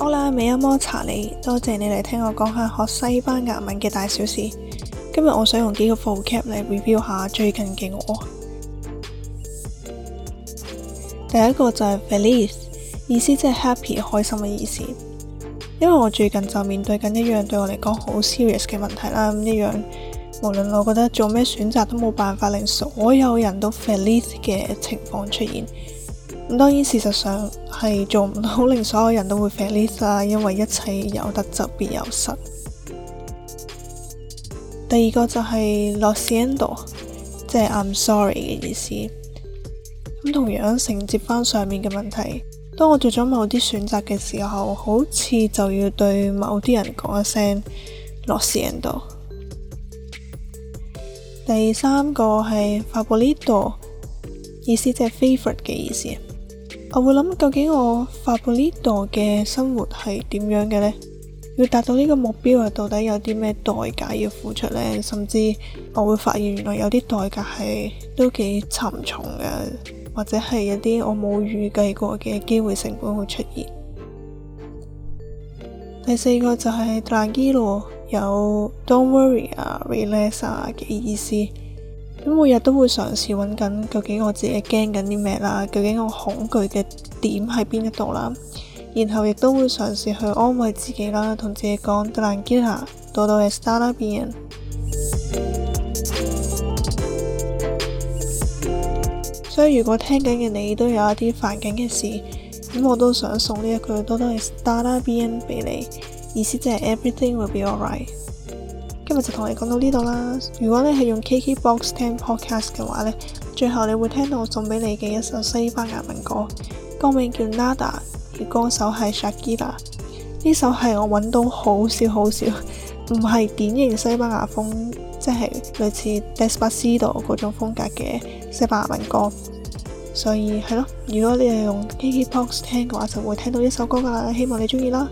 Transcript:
好啦，美恩摩查你，多謝你嚟聽我講下學西班牙文嘅大小事。今日我想用幾個 vocab 嚟 review 下最近嘅我。第一個就係 feliz，意思即係 happy 開心嘅意思。因為我最近就面對緊一樣對我嚟講好 serious 嘅問題啦，咁一樣，無論我覺得做咩選擇都冇辦法令所有人都 feliz 嘅情況出現。咁當然事實上係做唔到令所有人都會 feliz 啦，因為一切有得就必有失。第二個就係、是、lo siento 即係 I'm sorry 嘅意思。咁同樣承接翻上面嘅問題，當我做咗某啲選擇嘅時候，好似就要對某啲人講一聲 lo siento。第三個係 favorito，意思即係 favorite 嘅意思。我會諗，究竟我發布呢度嘅生活係點樣嘅呢？要達到呢個目標啊，到底有啲咩代價要付出呢？甚至我會發現原來有啲代價係都幾沉重嘅，或者係一啲我冇預計過嘅機會成本會出現。第四個就係 tranquilo，有 Don't worry 啊，relax 啊、er、嘅意思。每日都會嘗試揾緊究竟我自己驚緊啲咩啦，究竟我恐懼嘅點喺邊一度啦，然後亦都會嘗試去安慰自己啦，同自己講 Don't give up 多多嘅 estar bien。所以如果聽緊嘅你都有一啲煩緊嘅事，咁我都想送呢一句多多嘅 estar bien 俾你，意思就係 Everything will be alright。今日就同你講到呢度啦。如果你係用 KKbox 聽 podcast 嘅話呢，最後你會聽到我送俾你嘅一首西班牙文歌，歌名叫 Nada，而歌手係 Shakira。呢首係我揾到好少好少，唔係典型西班牙風，即係類似 Despacito 嗰種風格嘅西班牙文歌。所以係咯，如果你係用 KKbox 聽嘅話，就會聽到呢首歌噶啦。希望你中意啦。